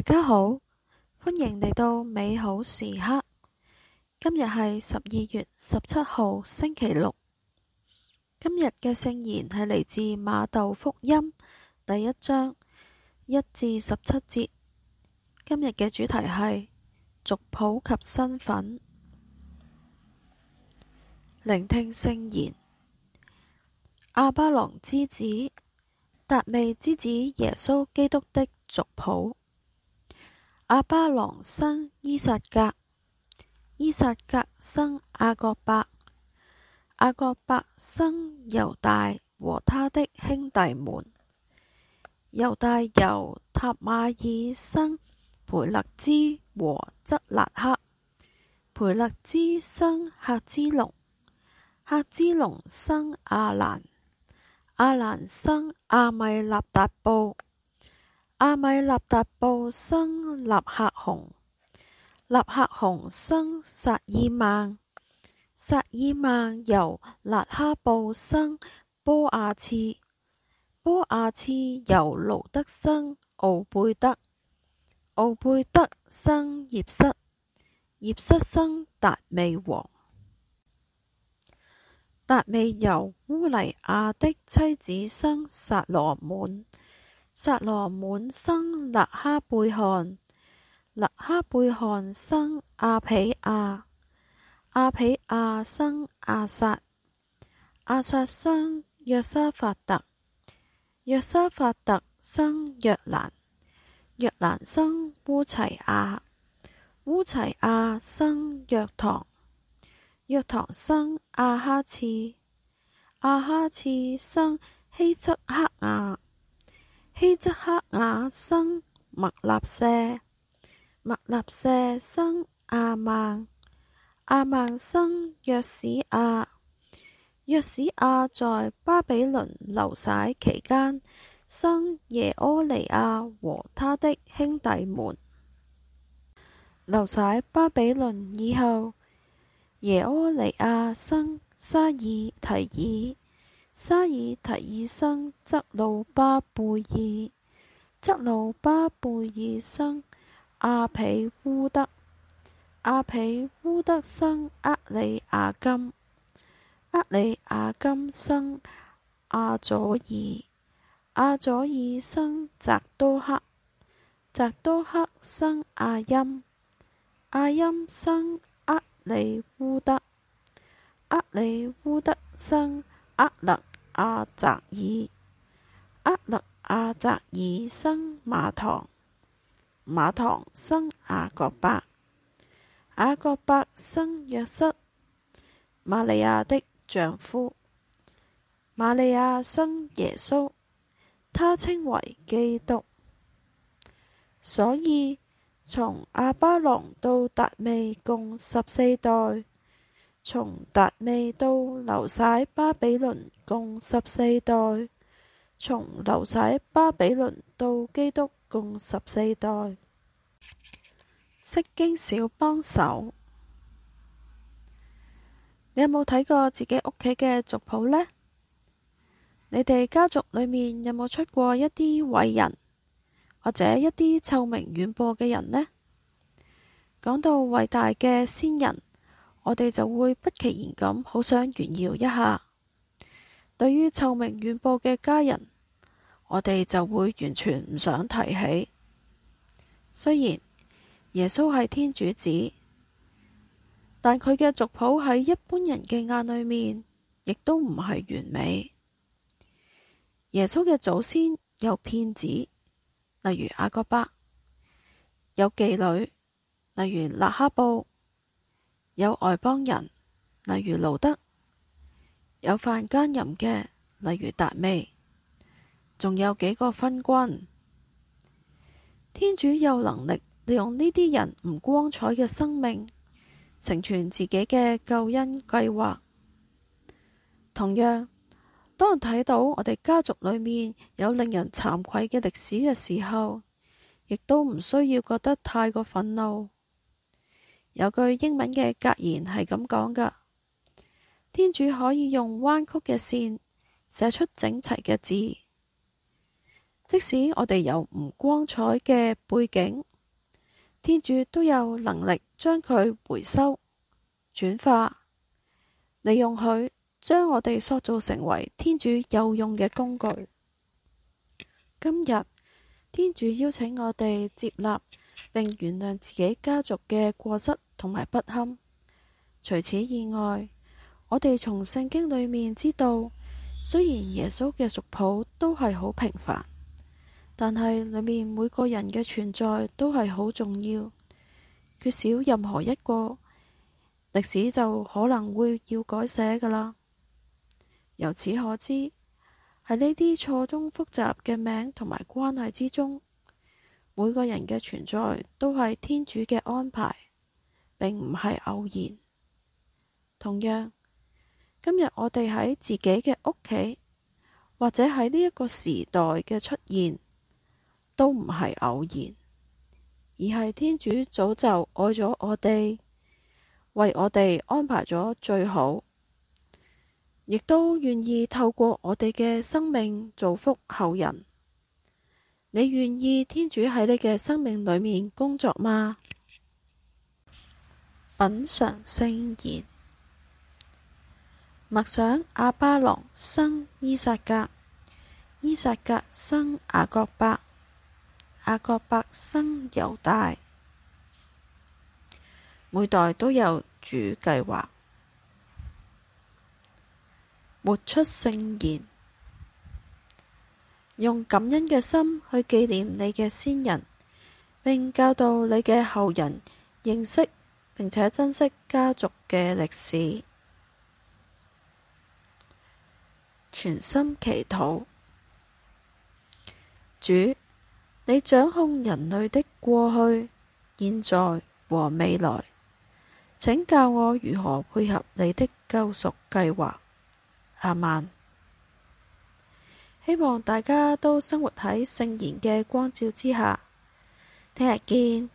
大家好，歡迎嚟到美好時刻。今日係十二月十七號星期六。今日嘅聖言係嚟自馬竇福音第一章一至十七節。今日嘅主題係族譜及身份。聆聽聖言，亞巴郎之子達味之子耶穌基督的族譜。亞巴郎生依撒格，依撒格，格生雅各伯，雅各伯生猶大和他的兄弟們。猶大由塔馬爾生培勒茲和則辣黑，培勒茲生赫茲龍，赫茲龍生阿蘭，阿蘭生阿米納達，達布。阿米納達布生納赫雄，納赫雄生撒耳孟，撒耳孟由辣哈布生波阿次，波阿次由盧德生敖貝得，敖貝得生葉瑟，葉瑟生達味王，達味由烏尼亞的妻子生撒羅滿。撒羅滿生勒哈貝罕，勒哈貝罕生阿彼雅，阿彼雅生阿撒，阿撒生約沙法特，約沙法特生約蘭，約蘭生烏齊雅，烏齊雅生約堂，約堂生阿哈次，阿哈次生希則克雅。希則 克雅生默納舍，默納舍生阿孟，阿孟生約史雅，約史雅在巴比倫流徙期間生耶苛尼雅和他的兄弟們。流徙巴比倫以後，耶苛尼雅生沙耳提耳。沙耳提耳生則魯巴貝耳，則魯巴貝耳生阿彼烏得，阿彼烏得生厄里雅金，厄里雅金生阿左耳，阿左耳生匝多克，匝多克生阿歆，阿歆生厄里烏得，厄里烏得生，厄肋阿匝爾，厄肋阿匝爾生瑪堂，瑪堂，生雅各伯，雅各伯生若瑟，瑪利亞的丈夫，瑪利亞生耶穌，他稱為基督。所以從亞巴郎到達味共十四代。從達味到流徙巴比倫共十四代，從流徙巴比倫到基督共十四代。釋經小幫手，你有冇睇過自己屋企嘅族譜呢？你哋家族裏面有冇出過一啲偉人，或者一啲臭名遠播嘅人呢？講到偉大嘅先人，我哋就會不其然咁好想炫耀一下。對於臭名遠播嘅家人，我哋就會完全唔想提起。雖然耶穌係天主子，但佢嘅族譜喺一般人嘅眼裏面，亦都唔係完美。耶穌嘅祖先有騙子，例如雅各伯，有妓女，例如辣哈布。有外邦人，例如盧德；有犯奸淫嘅，例如達味；仲有幾個昏君。天主有能力利用呢啲人唔光彩嘅生命，成全自己嘅救恩計劃。同樣，當睇到我哋家族裏面有令人慚愧嘅歷史嘅時候，亦都唔需要覺得太過憤怒。有句英文嘅格言係咁講噶：天主可以用彎曲嘅線寫出整齊嘅字，即使我哋有唔光彩嘅背景，天主都有能力將佢回收轉化，利用佢將我哋塑造成為天主有用嘅工具。今日天主邀請我哋接納。並原諒自己家族嘅過失同埋不堪。除此以外，我哋從聖經裏面知道，雖然耶穌嘅族譜都係好平凡，但係裏面每個人嘅存在都係好重要。缺少任何一個，歷史就可能會要改寫㗎喇。由此可知，喺呢啲錯綜複雜嘅名同埋關係之中，每個人嘅存在都係天主嘅安排，並唔係偶然。同樣，今日我哋喺自己嘅屋企，或者喺呢一個時代嘅出現，都唔係偶然，而係天主早就愛咗我哋，為我哋安排咗最好，亦都願意透過我哋嘅生命造福後人。你願意天主喺你嘅生命裏面工作嗎？品嚐聖言，默想亞巴郎生依撒格，依撒格生雅各伯，雅各伯生猶大，每代都有主計劃，活出聖言。用感恩嘅心去紀念你嘅先人，並教導你嘅後人認識並且珍惜家族嘅歷史。全心祈禱，主，你掌控人類的過去、現在和未來，請教我如何配合你的救贖計劃。阿曼。希望大家都生活喺聖言嘅光照之下。聽日見。